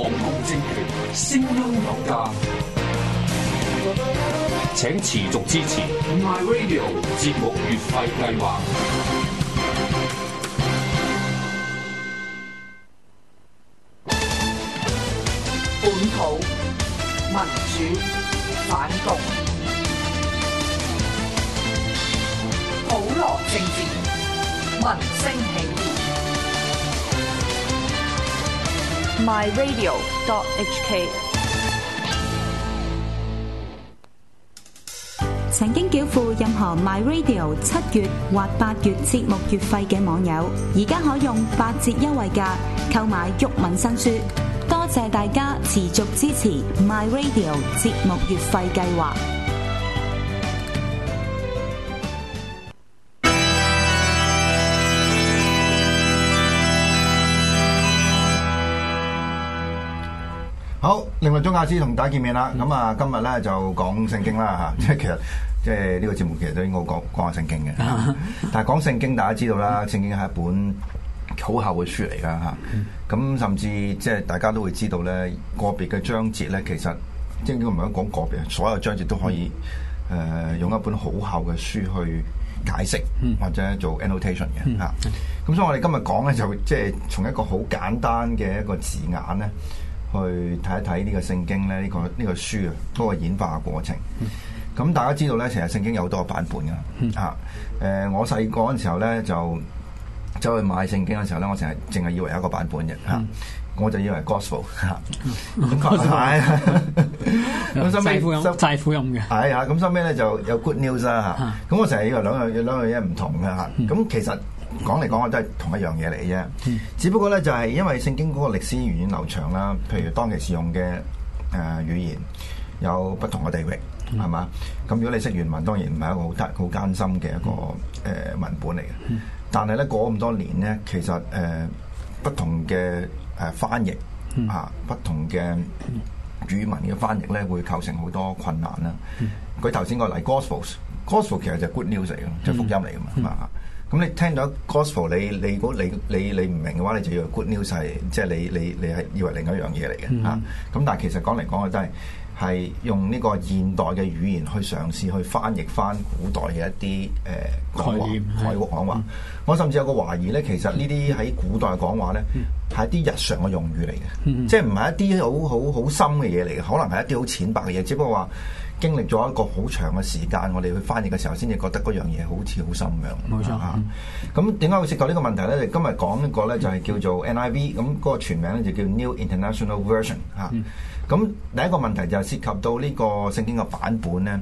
黨共政權，聲音有價，請持續支持 My Radio 節目月費計劃。本土民主反共，普羅政治，民聲起。My Radio. HK。曾經繳付任何 My Radio 七月或八月節目月費嘅網友，而家可用八折優惠價購買玉敏新書。多謝大家持續支持 My Radio 節目月費計劃。另外，鍾亞斯同大家見面啦。咁啊、嗯，今日咧就講聖經啦吓。即係其實，即係呢個節目其實都應該講講下聖經嘅。但係講聖經，大家知道啦，聖經係一本好厚嘅書嚟啦吓。咁、啊、甚至即係大家都會知道咧，個別嘅章節咧，其實即係唔係講個別，所有章節都可以誒、呃、用一本好厚嘅書去解釋，或者做 annotation 嘅吓。咁、啊、所以我哋今日講咧，就即係從一個好簡單嘅一個字眼咧。去睇一睇呢個聖經咧，呢個呢個書啊，都係演化嘅過程。咁大家知道咧，其實聖經有好多個版本噶。啊，誒，我細個嗰陣時候咧，就走去買聖經嘅時候咧，我成日淨係以為一個版本嘅吓，mm. 我就以為 gospel 吓，咁收尾收債苦音嘅，係 lden、哎、啊，咁收尾咧就有 good news 啦，咁我成日以為兩樣兩樣嘢唔同嘅。吓，咁其實。講嚟講，去都係同一樣嘢嚟嘅啫。只不過咧，就係、是、因為聖經嗰個歷史源遠流長啦。譬如當其時用嘅誒、呃、語言，有不同嘅地域，係嘛、嗯？咁如果你識原文，當然唔係一個好得、好艱辛嘅一個誒、呃、文本嚟嘅。但係咧過咁多年咧，其實誒、呃、不同嘅誒、呃、翻譯啊，不同嘅語文嘅翻譯咧，會構成好多困難啦。佢頭先個例，Gospels，Gospels 其實就係 good news 嚟嘅，即就是、福音嚟噶嘛。嗯嗯咁、嗯、你聽到 Gospel，你你如你你你唔明嘅話，你就要 Good News 就係即係你你你係以為，就是、以為另一樣嘢嚟嘅嚇。咁、嗯啊、但係其實講嚟講去都係係用呢個現代嘅語言去嘗試去翻譯翻古代嘅一啲誒、呃、念講話，外國講話。嗯、我甚至有個懷疑咧，其實呢啲喺古代講話咧係一啲日常嘅用語嚟嘅，嗯嗯、即係唔係一啲好好好深嘅嘢嚟嘅，可能係一啲好淺白嘅嘢，只不過話。經歷咗一個好長嘅時間，我哋去翻譯嘅時候，先至覺得嗰樣嘢好似好深樣。冇錯、嗯、啊！咁點解會涉及呢個問題呢？你今日講呢個呢，就係、是、叫做 NIV，咁嗰個全名咧就叫 New International Version 嚇、啊。咁、嗯啊、第一個問題就係涉及到呢個聖經嘅版本呢。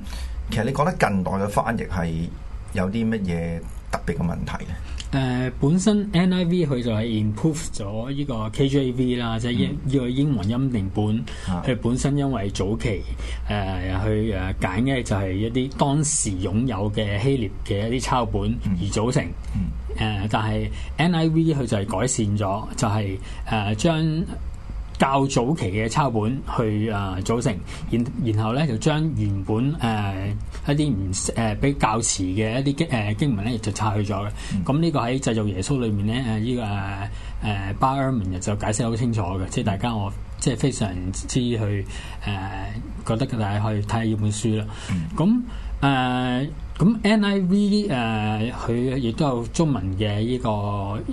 其實你覺得近代嘅翻譯係有啲乜嘢特別嘅問題呢？誒、呃、本身 NIV 佢就係 improve 咗呢個 KJV 啦，即係英呢個英文欽定本。佢、嗯、本身因為早期誒、呃、去誒揀嘅就係一啲當時擁有嘅希臘嘅一啲抄本而組成。誒、嗯嗯呃、但係 NIV 佢就係改善咗，嗯、就係誒將。呃將較早期嘅抄本去啊組成，然然後咧就將原本誒、呃、一啲唔誒比較遲嘅一啲經誒經文咧，就拆去咗嘅。咁呢、嗯、個喺製造耶穌裏面咧，呢、呃這個誒、呃、巴爾曼就解釋好清楚嘅，即係大家我即係非常之去誒、呃、覺得，大家去睇下呢本書啦。咁誒、嗯。嗯呃咁 NIV 誒佢亦都有中文嘅呢個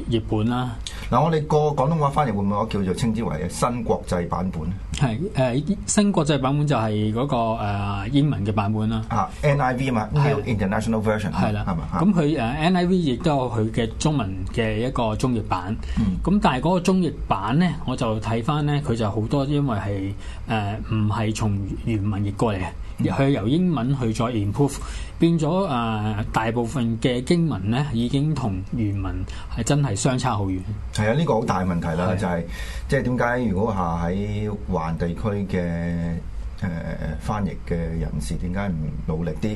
譯本啦。嗱、啊，我哋過廣東話翻譯會唔會我叫做稱之為新國際版本？係誒、呃、新國際版本就係嗰、嗰個誒、呃、英文嘅版本啦。吓、啊、NIV 嘛 New International Version 的。係啦的，係咁佢誒 NIV 亦都有佢嘅中文嘅一個中譯版。嗯。咁但係嗰個中譯版咧，我就睇翻咧，佢就好多因為係誒唔係從原文譯過嚟嘅。佢由英文去再 improve，變咗誒、呃、大部分嘅經文咧，已經同原文係真係相差好遠。係啊，呢、這個好大問題啦，是的 就係、是、即係點解如果下喺環地區嘅誒、呃、翻譯嘅人士，點解唔努力啲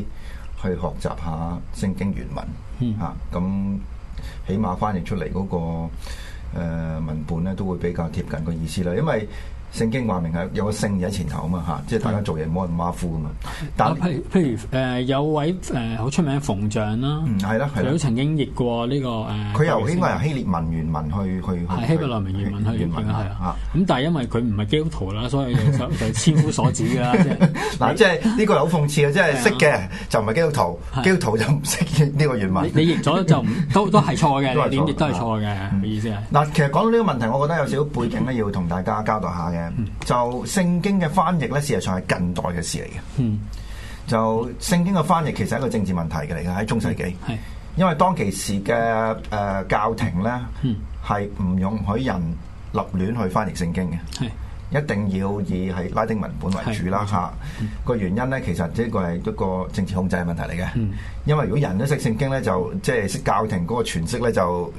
去學習下聖經原文？嗯、啊，咁起碼翻譯出嚟嗰、那個、呃、文本咧，都會比較貼近個意思啦，因為，聖經話明係有個聖字喺前頭啊嘛吓，即係大家做嘢，冇咁馬虎啊嘛。但譬如譬如，誒，有位誒好出名嘅馮象啦，係啦，佢都曾經譯過呢個誒，佢又應該由希列文原文去去，希伯來文原文去原文，咁但係因為佢唔係基督徒啦，所以就千夫所指噶啦。嗱，即係呢個係好諷刺啊，即係識嘅就唔係基督徒，基督徒就唔識呢個原文。你譯咗就都都係錯嘅，你都係錯嘅，意思嗱。其實講到呢個問題，我覺得有少少背景咧，要同大家交代下。嗯、就聖經嘅翻譯呢，事實上係近代嘅事嚟嘅。嗯、就聖經嘅翻譯其實係一個政治問題嚟嘅，喺中世紀。嗯、因為當其時嘅誒、呃、教廷呢，係唔容許人立亂去翻譯聖經嘅，嗯、一定要以係拉丁文本為主啦。吓個、嗯嗯、原因呢，其實呢個係一個政治控制嘅問題嚟嘅。嗯、因為如果人都識聖經呢，就，就即係識教廷嗰個詮釋呢，就。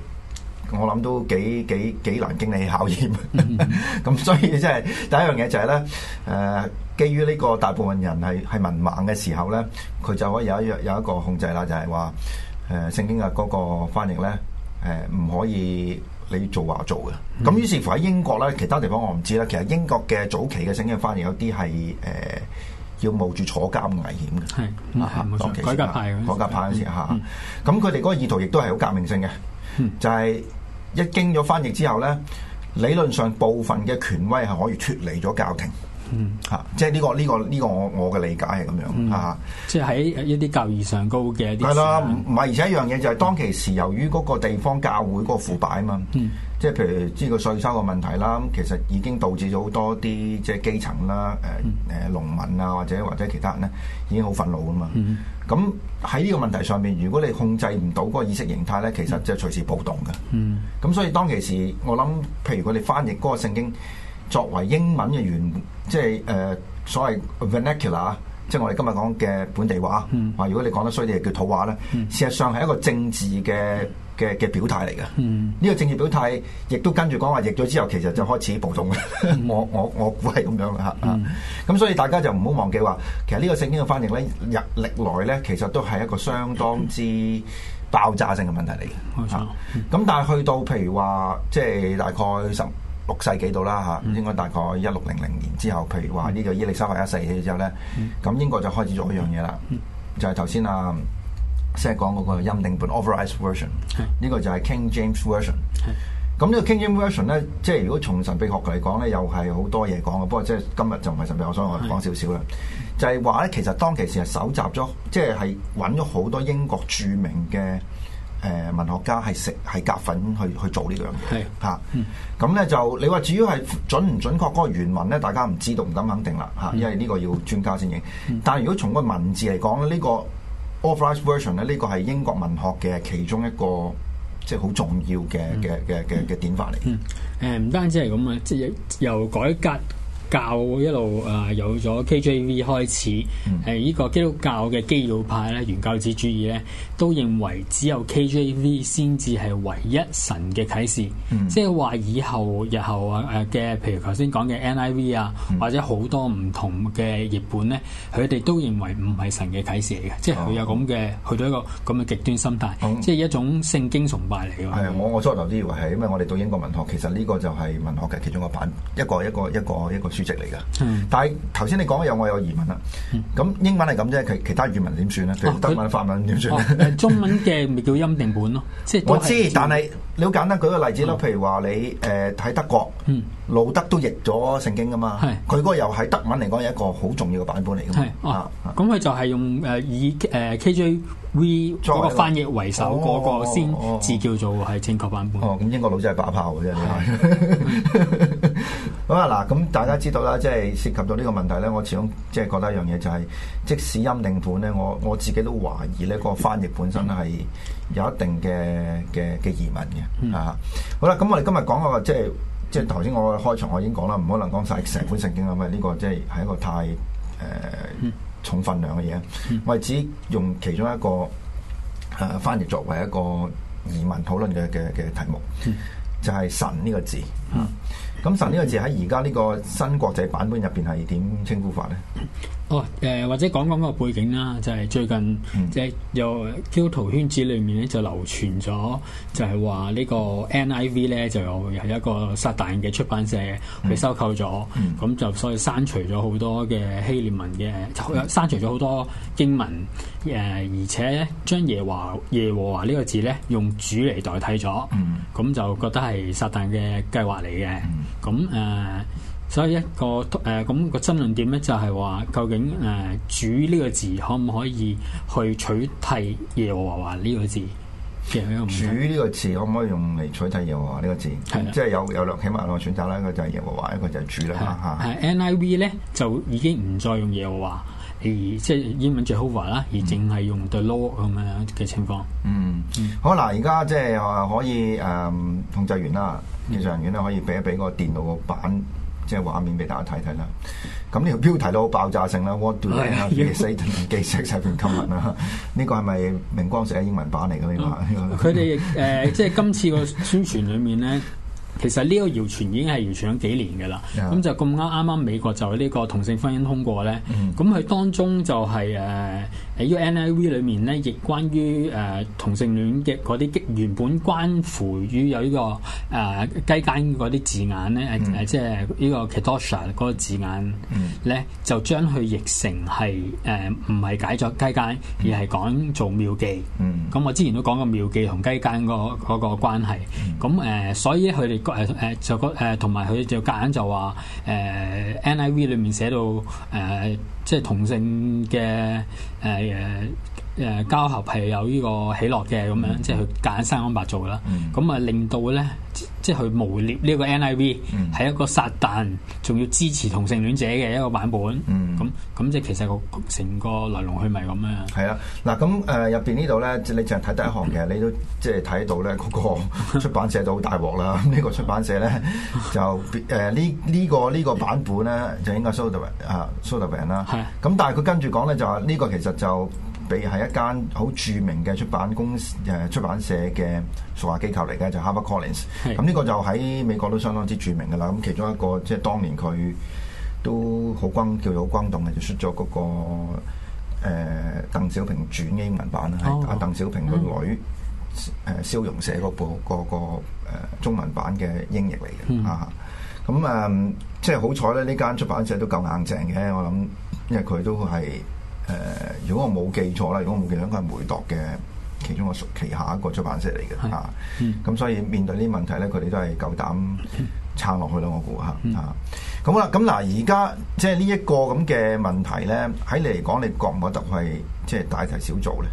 我諗都幾幾幾難經得起考驗，咁、 嗯 嗯、所以即、就、係、是、第一樣嘢就係、是、咧，誒、呃，基於呢個大部分人係係文盲嘅時候咧，佢就可以有一約有一個控制啦，就係話誒聖經嘅嗰個翻譯咧，誒、呃、唔可以你做話做嘅。咁、嗯、於是乎喺英國咧，其他地方我唔知啦。其實英國嘅早期嘅聖經翻譯有啲係誒要冒住坐監危險嘅。係，冇錯。改革派改革派嗰陣時嚇。咁佢哋嗰個意圖亦都係好革命性嘅，就係、啊。 一經咗翻譯之後咧，理論上部分嘅權威係可以脫離咗教廷，嚇、嗯啊，即係呢、呢個呢個呢個我我嘅理解係咁樣嚇。嗯啊、即係喺一啲教義上高嘅、啊，係啦，唔係。而且一樣嘢就係、係、當其時，由於嗰個地方教會嗰個腐敗啊嘛，嗯、即係譬如呢個稅收嘅問題啦，咁其實已經導致咗好多啲即係基層啦，誒、呃、誒、嗯、農民啊，或者或者其他人咧，已經好憤怒㗎嘛。嗯咁喺呢個問題上面，如果你控制唔到嗰個意識形態呢，其實就隨時暴動嘅。嗯。咁所以當其時，我諗，譬如佢哋翻譯嗰個聖經作為英文嘅原，即係誒、呃、所謂 vernacular，即係我哋今日講嘅本地話。嗯。如果你講得衰啲就叫土話呢、嗯、事實上係一個政治嘅。嗯嘅嘅表態嚟㗎，呢、嗯、個政治表態亦都跟住講話譯咗之後，其實就開始暴動嘅、嗯。 我我我估係咁樣嘅嚇，咁、嗯啊、所以大家就唔好忘記話，其實個呢個聖經嘅翻譯咧，入歷來咧，其實都係一個相當之爆炸性嘅問題嚟嘅。咁但係去到譬如話，即、就、係、是、大概十六世紀度啦嚇，應該大概一六零零年之後，譬如話呢個伊利沙伯一世嘅之後咧，咁、嗯嗯、英國就開始做一樣嘢啦，就係頭先啊。即係講嗰個欽定本 （Authorized Version），呢是個就係 King James Version 是。咁呢、嗯這個 King James Version 咧，即係如果從神秘學嚟講咧，又係好多嘢講嘅。不過即係今日就唔係神秘學，所以我講少少啦。是就係話咧，其實當其時係搜集咗，即係係揾咗好多英國著名嘅誒、呃、文學家係食係夾份去去做個樣呢樣嘢。嚇，咁咧就你話至於係準唔準確嗰個原文咧？大家唔知道，唔敢肯定啦。嚇、啊，因為呢個要專家先認。嗯、但係如果從個文字嚟講咧，呢、這個 Authorised Version 咧，呢個係英國文學嘅其中一個即係好重要嘅嘅嘅嘅嘅典範嚟、嗯。嗯，誒唔單止係咁啊，即係由改革教一路啊有咗 KJV 開始，係呢、嗯呃、個基督教嘅基要派咧、原教旨主義咧，都認為只有 KJV 先至係唯一神嘅啟示，嗯、即係話以後日後啊誒嘅，譬如頭先講嘅 NIV 啊，嗯、或者好多唔同嘅譯本咧，佢哋都認為唔係神嘅啟示嚟嘅，即係佢有咁嘅，去到、啊、一個咁嘅極端心態，嗯、即係一種聖經崇拜嚟嘅嘛。我我初頭都以為係，因為我哋到英國文學，其實呢個就係文學嘅其中一個版，一個一個一個一個。主席嚟噶，但係頭先你講嘅有我有疑問啦。咁英文係咁啫，其其他語文點算咧？譬如德文、法文點算咧？中文嘅咪叫欽定本咯。即係我知，但係你好簡單舉個例子啦。譬如話你誒喺德國，嗯，路德都譯咗聖經噶嘛。係佢嗰個又係德文嚟講，係一個好重要嘅版本嚟嘅嘛。啊，咁佢就係用誒以誒 KJV 嗰個翻譯為首嗰個先至叫做係正確版本。哦，咁英國佬仔係把炮嘅啫。係。咁啊嗱，咁大家知道啦，即係涉及到呢個問題咧，我始終即係覺得一樣嘢就係，即使欽定本咧，我我自己都懷疑咧，嗰個翻譯本身係有一定嘅嘅嘅疑問嘅。嗯、啊，好啦，咁我哋今日講嗰個即係即係頭先我開場我已經講啦，唔可能講晒成本聖經啊，因為呢個即係係一個太誒、呃、重分量嘅嘢，嗯、我哋只用其中一個誒、啊、翻譯作為一個疑問討論嘅嘅嘅題目，就係、是、神呢個字啊。嗯咁，神呢個字喺而家呢個新國際版本入邊係點稱呼法咧？哦，誒、呃、或者講講個背景啦，就係、是、最近即係、嗯呃、有基督徒圈子裏面咧，就流傳咗，就係話呢個 NIV 咧，就有係一個撒旦嘅出版社去收購咗，咁、嗯、就所以刪除咗好多嘅希臘文嘅，嗯、就刪除咗好多英文誒、呃，而且將耶華、耶和華呢個字咧用主嚟代替咗，咁、嗯、就覺得係撒旦嘅計劃嚟嘅，咁誒、嗯。嗯。所以一個誒咁、呃那個爭論點咧，就係話究竟誒主呢個字可唔可以去取替耶和華呢個字嘅？主呢個字可唔可以用嚟取替耶和華呢個字？的即係有有兩起碼兩個選擇啦，一個就係耶和華，一個就係主啦嚇。係 NIV 咧就已經唔再用耶和華，而即係英文 Jehovah 啦、嗯，而淨係用 The Lord 咁樣嘅情況。嗯，好嗱，而家即係可以誒、嗯、控制完啦，技術人員咧可以俾一俾個電腦個版。即係畫面俾大家睇睇啦。咁呢個標題都好爆炸性啦。What do they say to gay sex 係啦？呢個係咪明光社嘅英文版嚟嘅呢個？佢哋誒即係今次個宣傳裡面咧，其實呢個謠傳已經係謠傳咗幾年嘅啦。咁、嗯、就咁啱啱美國就呢個同性婚姻通過咧。咁佢當中就係、是、誒。呃喺呢個 NIV 裏面咧，亦關於誒同性戀嘅啲，原本關乎於有呢個誒雞奸嗰啲字眼咧，誒即係呢個 kaddoshah 嗰字眼咧、嗯，就將佢譯成係誒唔係解作雞奸，而係講做廟妓。咁、嗯、我之前都講過廟妓同雞奸個嗰、嗰個關係。咁誒、嗯呃、所以佢哋誒誒就誒同埋佢就夾、呃、硬就話誒、呃呃、NIV 裏面寫到誒、呃呃、即係同性嘅誒。呃嗯誒，誒、呃、交合係有呢個喜樂嘅咁樣，mm hmm. 即係佢揀生安白做啦，咁啊、mm hmm. 令到咧。即係佢污蔑呢個 NIV 係、嗯、一個撒旦，仲要支持同性戀者嘅一個版本。咁咁即係其實個成個來龍去脈咁樣。係啦，嗱咁誒入邊呢度咧，你淨係睇第一行嘅，其實你都即係睇到咧嗰、那個出版社就好大鑊啦。呢 個出版社咧就誒呢呢個呢、這個版本咧就應該 sodaway 啊 sodaway 啦。係。咁但係佢跟住講咧就話呢個其實就。譬如係一間好著名嘅出版公司、誒、呃、出版社嘅屬下機構嚟嘅，就是、HarperCollins 的。咁呢、嗯嗯、個就喺美國都相當之著名嘅啦。咁、嗯、其中一個即係當年佢都好轟，叫做好轟動嘅，就出咗嗰個誒、呃《鄧小平轉》英文版啦，係啊、哦，鄧小平個女誒肖榕寫嗰部嗰個中文版嘅英譯嚟嘅啊。咁啊、嗯嗯嗯嗯嗯，即係好彩咧，呢間出版社都夠硬淨嘅。我諗，因為佢都係。誒、呃，如果我冇記錯啦，如果我冇記錯，佢係梅鐸嘅其中個屬旗下一個出版社嚟嘅嚇。咁所以面對呢啲問題咧，佢哋都係夠膽撐落去咯，我估嚇嚇。咁、啊、啦，咁、嗯、嗱，而家、嗯嗯、即係呢一個咁嘅問題咧，喺你嚟講，你覺唔覺得佢係即係大題小做咧？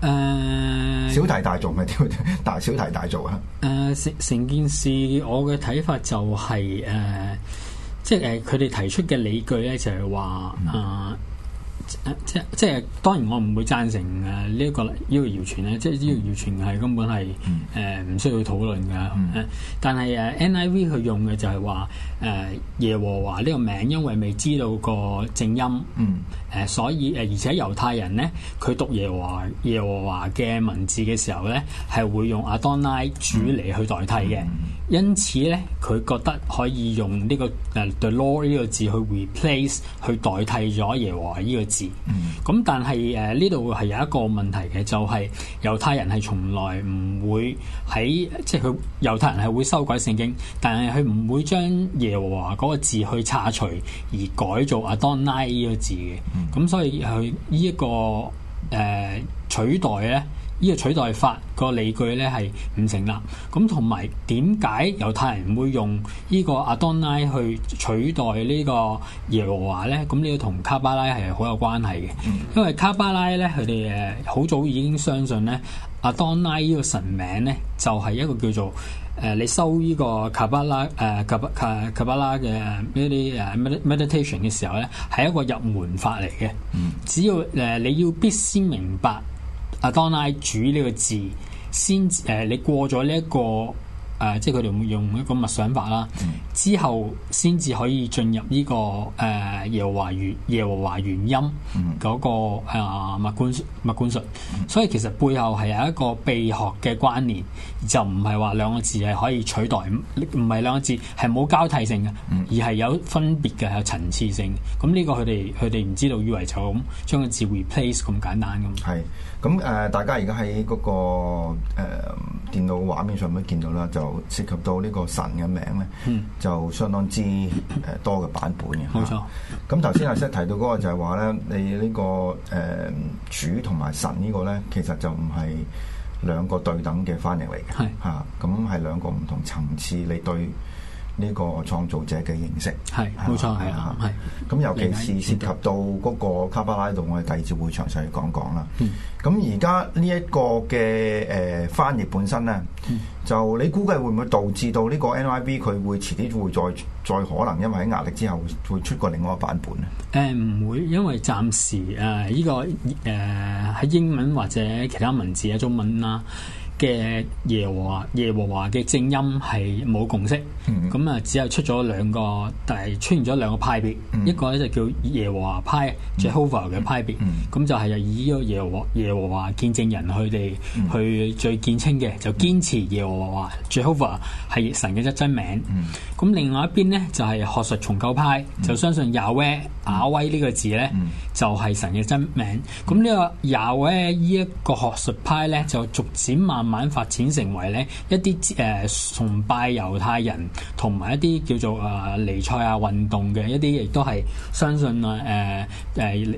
誒、呃，小題大做咪點？大小題大做嚇、啊。誒、呃，成件事我嘅睇法就係、是、誒、呃，即係誒，佢、呃、哋提出嘅理據咧就係話啊。呃嗯嗯即即係當然我，我唔會贊成誒呢一個呢、這個謠傳咧。即係呢個謠傳係根本係誒唔需要討論嘅。嗯、但係誒 NIV 佢用嘅就係話誒耶和華呢個名，因為未知道個正音誒、嗯呃，所以誒、呃、而且猶太人咧佢讀耶和耶和華嘅文字嘅時候咧係會用 Adonai 主嚟去代替嘅。嗯、因此咧佢覺得可以用呢、這個誒、呃、The Lord 呢個字去 replace 去代替咗耶和華呢個字。咁、嗯、但係誒呢度係有一個問題嘅，就係、是、猶太人係從來唔會喺即係佢猶太人係會修改聖經，但係佢唔會將耶和華嗰個字去拆除而改做阿當拉呢個字嘅，咁、嗯嗯、所以佢呢一個誒、呃、取代咧。呢個取代法個理據咧係唔成立，咁同埋點解猶太人會用呢個阿當拉去取代呢個耶和華咧？咁呢個同卡巴拉係好有關係嘅，嗯、因為卡巴拉咧，佢哋誒好早已經相信咧，阿當拉呢個神名咧就係、是、一個叫做誒、呃、你修呢個卡巴拉誒卡卡卡巴拉嘅一啲誒 meditation 嘅時候咧，係一個入門法嚟嘅。嗯、只要誒、呃、你要必先明白。阿當拉主呢個字，先誒、呃、你過咗呢一個誒、呃，即係佢哋用一個密想法啦，嗯、之後先至可以進入呢、這個誒耶和華原耶和華原音嗰、那個誒密觀密觀術，觀術嗯、所以其實背後係有一個秘學嘅關聯。就唔係話兩個字係可以取代，唔唔係兩個字係冇交替性嘅，而係有分別嘅、有層次性。咁呢個佢哋佢哋唔知道以為就咁將個字 replace 咁簡單嘅。係咁誒，大家而家喺嗰個誒、呃、電腦畫面上面見到啦，就涉及到呢個神嘅名咧，就相當之誒多嘅版本嘅。冇、嗯啊、錯。咁頭先阿 Sir 提到嗰個就係話咧，你、呢個呃、個呢個誒主同埋神呢個咧，其實就唔係。兩個對等嘅翻譯嚟嘅，係吓是？咁係兩個唔同層次，你對。呢個創造者嘅認識係冇錯，係啊，係咁，尤其是涉及到嗰個卡巴拉度，我哋第二節會詳細講講啦。咁而家呢一個嘅誒、呃、翻譯本身咧，嗯、就你估計會唔會導致到呢個 N I B 佢會遲啲會再再可能因為喺壓力之後會出過另外一個版本咧？誒唔、呃、會，因為暫時誒呢、呃這個誒喺、呃、英文或者其他文字啊、中文啦、啊、嘅耶和耶和華嘅正音係冇共識。咁啊，嗯、只有出咗兩個，但係出現咗兩個派別，嗯、一個咧就叫耶和華派 （Jehovah 嘅派別），咁、嗯嗯、就係以呢個耶和耶和華見證人佢哋去最見稱嘅，就堅持耶和華 （Jehovah） 係神嘅一真名。咁、嗯、另外一邊咧就係、是、學術重構派，就相信 Yahweh、雅威呢個字咧就係、是、神嘅真名。咁呢個 Yahweh 呢一個學術派咧就逐漸慢慢發展成為咧一啲誒、呃、崇拜猶太人。同埋一啲叫做啊尼賽亞運動嘅一啲，亦都係相信啊誒誒，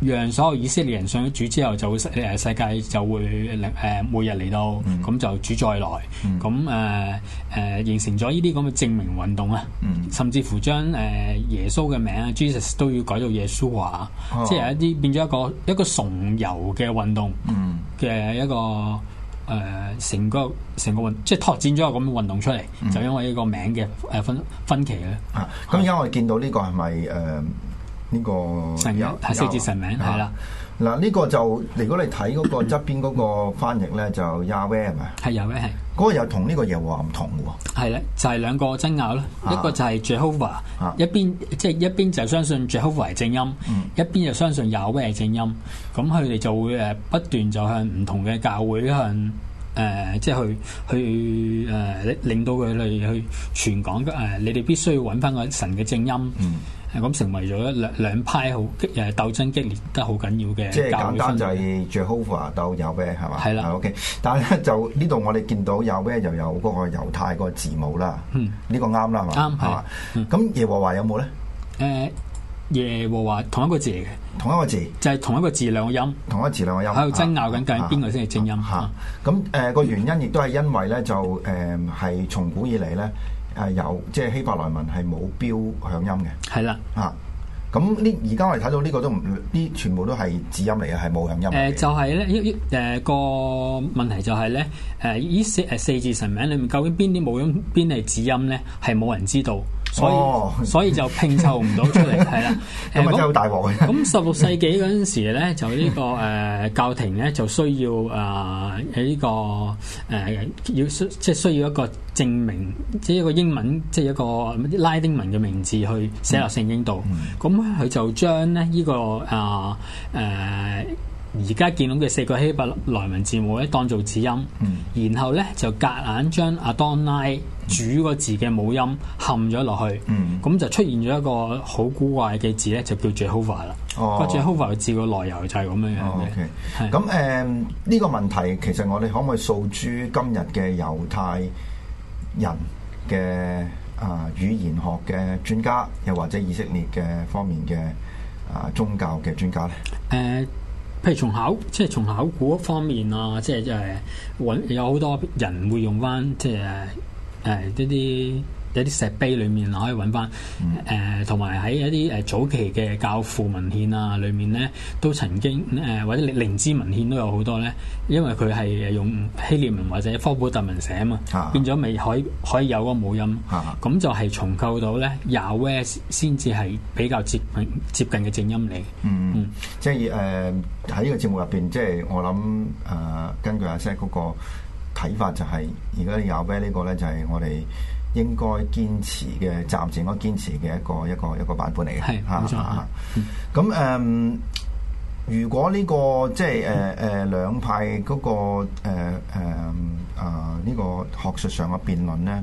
讓所有以色列人上咗主之後，就會誒世界就會誒、呃、每日嚟到，咁、mm hmm. 就主再來，咁誒誒形成咗呢啲咁嘅正名運動啊，mm hmm. 甚至乎將誒、呃、耶穌嘅名 Jesus 都要改到耶穌話，oh. 即係一啲變咗一個一個崇游嘅運動嘅一個。一個誒成、呃、個成個運，即係拓展咗個咁嘅運動出嚟，嗯、就因為呢個名嘅誒分分歧咧。啊，咁而家我哋見到呢個係咪誒呢個有神、啊、四字神名係啦。嗱，呢個就如果你睇嗰個側邊嗰個翻譯咧， 就亞威係咪？係亞威係。嗰個又同呢個嘢話唔同嘅喎，係咧就係、是、兩個爭拗啦，uh huh. 一個就係 Jehovah 一邊即係、就是、一邊就相信 Jehovah 係正音，uh huh. 一邊就相信 Yahweh 係、ah、正音，咁佢哋就會誒不斷就向唔同嘅教會向誒即係去去誒、呃、令到佢哋去傳講誒、呃，你哋必須要揾翻個神嘅正音。Uh huh. 咁成為咗一兩兩派好激，誒鬥爭激烈得好緊要嘅。即係簡單就係 Jehovah 鬥有咩係嘛？係啦，OK。但係咧就呢度我哋見到有咩又有嗰個猶太嗰個字母啦。嗯，呢個啱啦係嘛？啱係嘛？咁耶和華有冇咧？誒耶和華同一個字嚟嘅，同一個字就係同一個字兩個音，同一個字兩個音喺度爭拗緊，睇邊個先係正音嚇。咁誒個原因亦都係因為咧就誒係從古以嚟咧。係有，即、就、係、是、希伯來文係冇標響音嘅。係啦，啊，咁呢，而家我哋睇到呢個都唔，呢全部都係指音嚟嘅，係冇響音。誒、呃，就係、是、咧，一、呃、誒個問題就係、是、咧，誒、呃、依四誒、呃、四字神名裏面，究竟邊啲冇音，邊係指音咧？係冇人知道。所以所以就拼湊唔到出嚟，係啦。咁咁、嗯、十六世紀嗰陣時咧，就呢、呢個誒、呃、教廷咧，就需要誒喺呢個誒、呃、要需即係需要一個證明，即係一個英文，即係一個拉丁文嘅名字去寫落聖經度。咁佢、嗯嗯、就將咧呢個誒誒而家見到嘅四個希伯來文字母咧，當做指音，嗯、然後咧就夾硬將阿當拉。主個字嘅母音陷咗落去，咁、嗯、就出現咗一個好古怪嘅字咧，就叫 Jehovah 啦、哦。個 Jehovah 嘅字嘅來由就係咁樣樣嘅。咁誒呢個問題，其實我哋可唔可以訴諸今日嘅猶太人嘅啊、呃、語言學嘅專家，又或者以色列嘅方面嘅啊、呃、宗教嘅專家咧？誒、呃，譬如從考古，即係從考古方面啊，即係誒揾有好多人會用翻，即係。呃誒一啲一啲石碑裏面可以揾翻，誒同埋喺一啲誒早期嘅教父文獻啊裏面咧，都曾經誒、呃、或者靈知文獻都有好多咧，因為佢係用希臘文或者科普特文寫啊嘛，啊啊變咗咪可以可以有個母音，咁、啊啊、就係重構到咧有咧先至係比較接近接近嘅正音嚟。嗯，嗯即係誒喺呢個節目入邊，即係我諗誒、呃、根據阿 Sir 嗰個，睇法就係而家有咩呢個咧，就係我哋應該堅持嘅，暫時應該堅持嘅一個一個一個版本嚟嘅，嚇。咁誒，如果呢、呢個即係誒誒兩派嗰、嗰個誒誒呢個學術上嘅辯論咧，誒、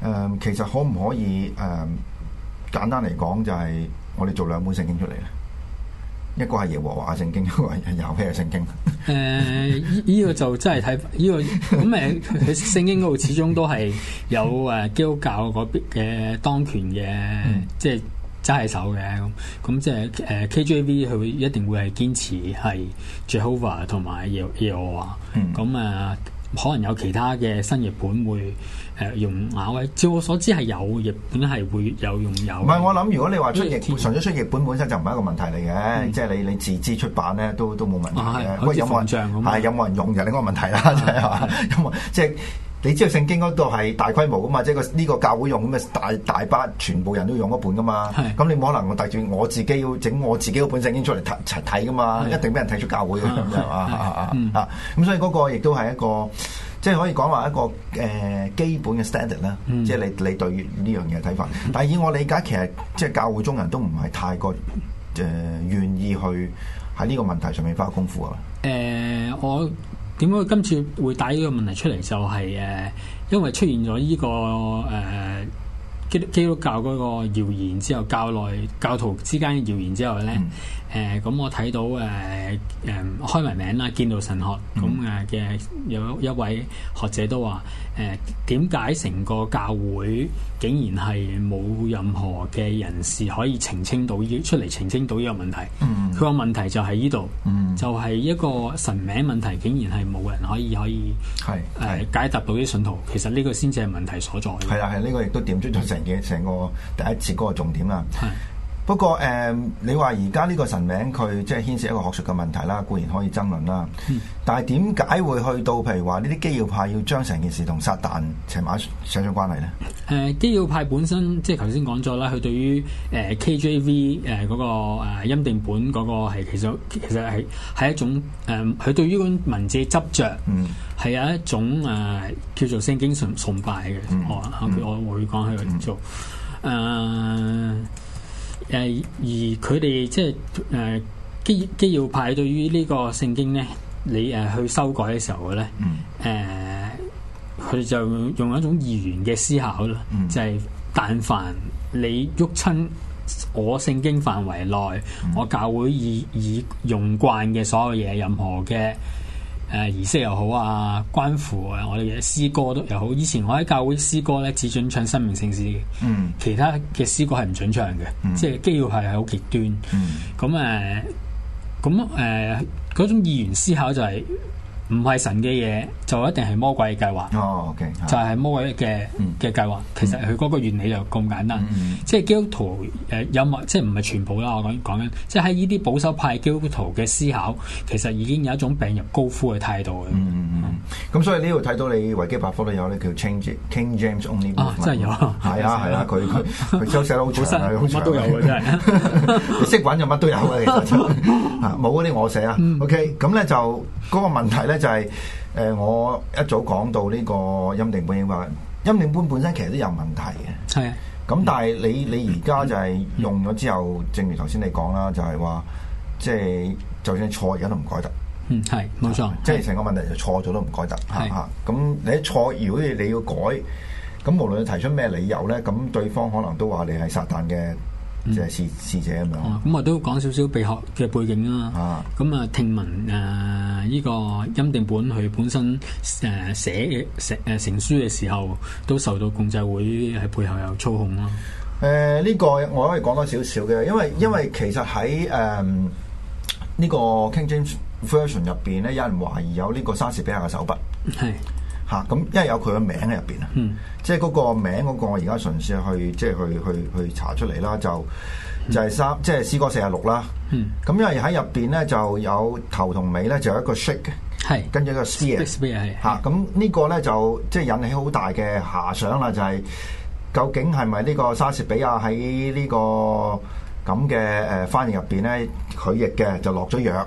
呃、其實可唔可以誒、呃、簡單嚟講，就係我哋做兩本聖經出嚟咧？一個係耶和華聖經，一個係猶太聖經。誒、 呃，依、這、依個就真係睇呢個咁誒，聖經嗰度始終都係有誒基督教嗰邊嘅當權嘅，即係揸喺手嘅咁。咁即係誒 KJV 佢一定會係堅持係 Jehovah 同埋耶耶和華。咁啊、嗯、～、嗯可能有其他嘅新譯本會誒、呃、用咬咧、啊，照我所知係有譯本係會有用有。唔係我諗，如果你話出譯，純粹田出譯本本身就唔係一個問題嚟嘅，嗯、即係你你自資出版咧都都冇問題嘅。喂，有冇人用係有冇人用就另一個問題啦，即係話有冇即係。你知道聖經嗰度係大規模噶嘛？即係個呢個教會用咁嘅大大班，全部人都用一本噶嘛？咁的你冇可能我帶住我自己要整我自己本聖經出嚟睇齊睇噶嘛？的一定俾人睇出教會咁樣啊！咁，所以嗰個亦都係一個即係可以講話一個誒、呃、基本嘅 standard 啦、嗯。即係你你對於呢樣嘢睇法。但係以我理解，其實即係教會中人都唔係太過誒、呃、願意去喺呢個問題上面花功夫啊。誒、嗯呃、我。點解今次會帶呢個問題出嚟、就係？就係誒，因為出現咗呢、呢個誒基、呃、基督教嗰個謠言之後，教內教徒之間嘅謠言之後咧。嗯誒咁我睇到誒誒開埋名啦，見到神學咁誒嘅有一位學者都話誒點解成個教會竟然係冇任何嘅人士可以澄清到依出嚟澄清到呢個問題？佢個、嗯、問題就喺呢度，嗯、就係一個神名問題，竟然係冇人可以可以係誒、呃、解答到啲信徒，其實呢個先至係問題所在。係啊，係呢、這個亦都點出咗成嘅成個第一節嗰個重點啦。係。不過誒、嗯，你話而家呢個神名佢即係牽涉一個學術嘅問題啦，固然可以爭論啦。但係點解會去到譬如話呢啲基要派要將成件事同撒旦、邪魔扯上關係咧？誒、呃，基要派本身即係頭先講咗啦，佢對於誒、呃、KJV 誒、呃、嗰、那個誒、呃、欽定本嗰個係其實其實係係一種誒，佢、呃、對於嗰文字執着，係有、嗯、一種誒、呃、叫做聖經崇崇拜嘅、嗯嗯。我我會講佢做誒。嗯呃呃呃呃呃誒，而佢哋即係誒、呃、基基要派對於呢個聖經咧，你誒、呃、去修改嘅時候咧，誒佢、嗯呃、就用一種二元嘅思考啦，嗯、就係但凡你喐親我聖經範圍內，嗯、我教會以以用慣嘅所有嘢，任何嘅。誒，儀、呃、式又好啊，關乎啊。我哋嘅詩歌都又好。以前我喺教會詩歌咧，只准唱生命聖詩，嗯、其他嘅詩歌係唔准唱嘅，嗯、即係基調係好極端。咁誒、嗯，咁誒，嗰、呃、種意願思考就係、是。唔係神嘅嘢，就一定係魔鬼嘅計劃。哦，OK，就係魔鬼嘅嘅計劃。其實佢嗰個原理就咁簡單。即係基督徒誒有物，即係唔係全部啦。我講講緊，即係喺呢啲保守派基督徒嘅思考，其實已經有一種病入膏肓嘅態度。咁所以呢度睇到你維基百科都有咧，叫 Change King James Only。啊，真係有。係啊，係啊，佢佢佢寫得好長，乜都有嘅真係。你識揾就乜都有冇啲我寫啊。OK，咁咧就嗰個問題咧。就係、是、誒、呃，我一早講到呢個欽定本，嘅話，欽定本，本身其實都有問題嘅。係的。咁但係你、嗯、你而家就係用咗之後，嗯、正如頭先你講啦，就係、是、話，即係就算錯、嗯、錯，而家都唔改得。嗯，係，冇錯。即係成個問題就錯咗都唔改得。係啊的。咁的你一錯，如果你你要改，咁無論你提出咩理由咧，咁對方可能都話你係撒旦嘅。即係侍者咁樣、啊。哦、啊，咁我都講少少秘學嘅背景啦。啊，咁啊、嗯，聽聞誒依、呃這個《欽定本》佢本身誒寫嘅成成書嘅時候，都受到共濟會喺背後有操控咯、啊。誒、呃，呢、這個我可以講多少少嘅，因為因為其實喺誒呢個 King James Version 入邊咧，有人懷疑有呢個莎士比亞嘅手筆。係。嚇！咁因為有佢、嗯、個名喺入邊啊，即係嗰個名嗰個，我而家純粹去即係去去去查出嚟啦，就就係三、嗯、即係詩歌四廿六啦。咁因為喺入邊咧就有頭同尾咧，就有一個 shake 嘅是，係跟住一個 spear 嘅是。莎士比亞咁呢個咧就即係引起好大嘅遐想啦，就係、是、究竟係咪呢個莎士比亞喺呢、這個？咁嘅誒翻譯入邊咧，佢亦嘅就落咗藥，啊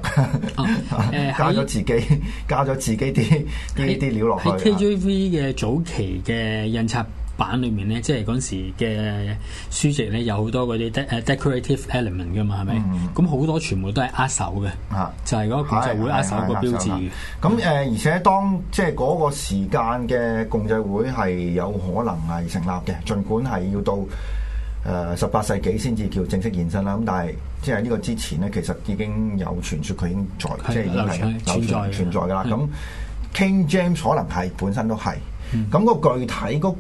呃、 加咗自己加咗自己啲啲在料落去。喺 KJV 嘅早期嘅印刷版裏面咧，即係嗰陣時嘅書籍咧，有好多嗰啲 de, decorative element 噶嘛，係咪、嗯？咁好、嗯、多全部都係握手嘅，啊、就係嗰個共濟會握手個標誌。咁誒，而且當即係嗰個時間嘅共濟會係有可能係成立嘅，儘管係要到。誒十八世紀先至叫正式現身啦，咁但係即係呢個之前咧，其實已經有傳説佢已經在，的即係已經係存在存在噶啦。咁的 King James 可能係本身都係，咁、嗯、個具體嗰、嗰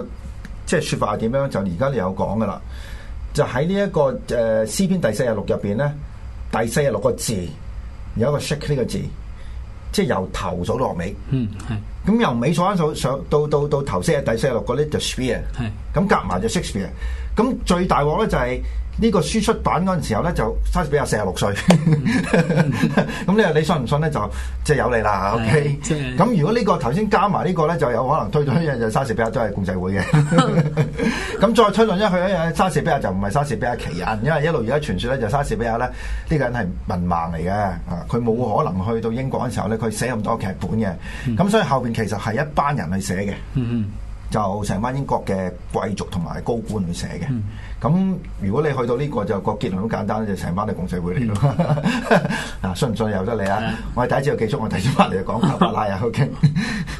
個即係説法係點樣？就而家你有講噶啦，就喺呢一個誒、呃、詩篇第四十六入邊咧，第四十六個字有一個 shake 呢個字，即係由頭數落尾。嗯，係。咁由尾坐翻上到到到頭先係第四十六是個啲就 spear 咁夾埋就 Shakespeare，咁最大鑊咧就係呢個書出版陣時候咧就莎士比亞四十六歲，咁你話你信唔信咧就即係由你啦，OK？咁如果呢、這個頭先加埋呢、這個咧就有可能推咗一樣就莎、是、 士比亞都係共濟會嘅，咁 再推論一去一咧莎士比亞就唔係莎士比亞奇人，因為一路而家傳說咧就莎士比亞咧呢、這個人係文盲嚟嘅，佢、啊、冇可能去到英國嗰時候咧佢寫咁多劇本嘅，咁、嗯、所以後邊。其實係一班人去寫嘅，mm hmm. 就成班英國嘅貴族同埋高官去寫嘅。咁、mm hmm. 嗯、如果你去到呢、這個就個結論咁簡單，就成班都共濟會嚟咯。啊、mm，信唔信由得你啊！Yeah. 我第一次就記住，我第一次翻嚟就講卡巴拉啊，好傾。 Okay.